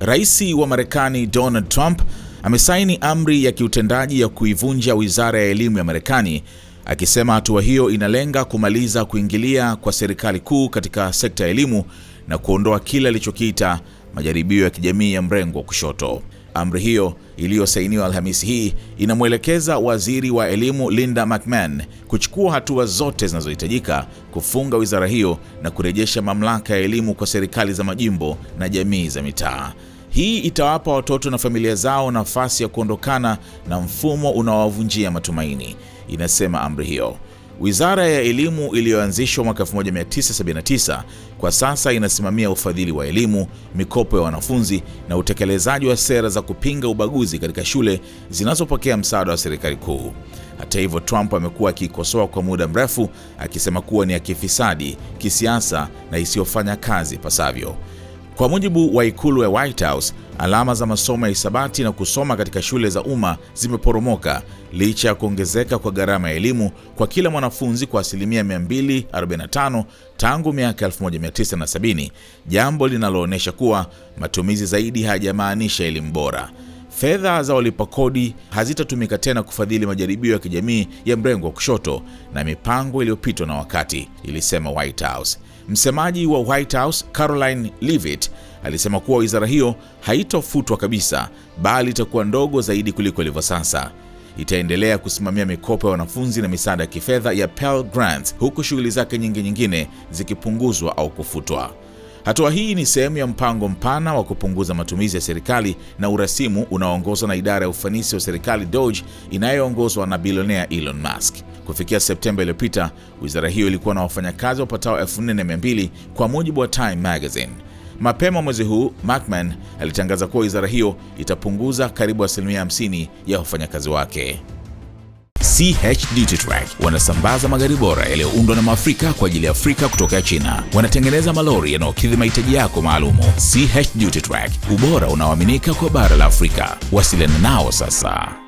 Rais wa Marekani Donald Trump amesaini amri ya kiutendaji ya kuivunja Wizara ya Elimu ya Marekani akisema hatua hiyo inalenga kumaliza kuingilia kwa serikali kuu katika sekta ya elimu na kuondoa kile alichokiita majaribio ya kijamii ya mrengo wa kushoto. Amri hiyo iliyosainiwa Alhamisi hii inamwelekeza waziri wa elimu Linda McMahon kuchukua hatua zote zinazohitajika kufunga wizara hiyo na kurejesha mamlaka ya elimu kwa serikali za majimbo na jamii za mitaa. Hii itawapa watoto na familia zao nafasi ya kuondokana na mfumo unaowavunjia matumaini, inasema amri hiyo. Wizara ya Elimu iliyoanzishwa mwaka 1979 kwa sasa inasimamia ufadhili wa elimu, mikopo ya wanafunzi na utekelezaji wa sera za kupinga ubaguzi katika shule zinazopokea msaada wa serikali kuu. Hata hivyo, Trump amekuwa akiikosoa kwa muda mrefu akisema kuwa ni ya kifisadi, kisiasa na isiyofanya kazi pasavyo. Kwa mujibu wa ikulu ya White House, alama za masomo ya hisabati na kusoma katika shule za umma zimeporomoka licha ya kuongezeka kwa gharama ya elimu kwa kila mwanafunzi kwa asilimia 245 tangu miaka 1970, jambo linaloonyesha kuwa matumizi zaidi hayajamaanisha elimu bora. Fedha za walipa kodi hazitatumika tena kufadhili majaribio ya kijamii ya mrengo wa kushoto na mipango iliyopitwa na wakati, ilisema White House. Msemaji wa White House Caroline Leavitt alisema kuwa wizara hiyo haitofutwa kabisa, bali itakuwa ndogo zaidi kuliko ilivyo sasa. Itaendelea kusimamia mikopo ya wanafunzi na misaada ya kifedha ya Pell Grants, huku shughuli zake nyingi nyingine zikipunguzwa au kufutwa. Hatua hii ni sehemu ya mpango mpana wa kupunguza matumizi ya serikali na urasimu unaoongozwa na idara ya ufanisi wa serikali DOGE inayoongozwa na bilionea Elon Musk. Kufikia Septemba iliyopita, wizara hiyo ilikuwa na wafanyakazi wapatao 4200 kwa mujibu wa Time Magazine. Mapema mwezi huu Macman alitangaza kuwa wizara hiyo itapunguza karibu asilimia 50 ya wafanyakazi wake. CH Track wanasambaza magari bora yaliyoundwa na Maafrika kwa ajili ya Afrika kutoka China. Wanatengeneza malori yanayokidhi mahitaji yako maalumu. CH Track, ubora unaoaminika kwa bara la Afrika. Wasiliana nao sasa.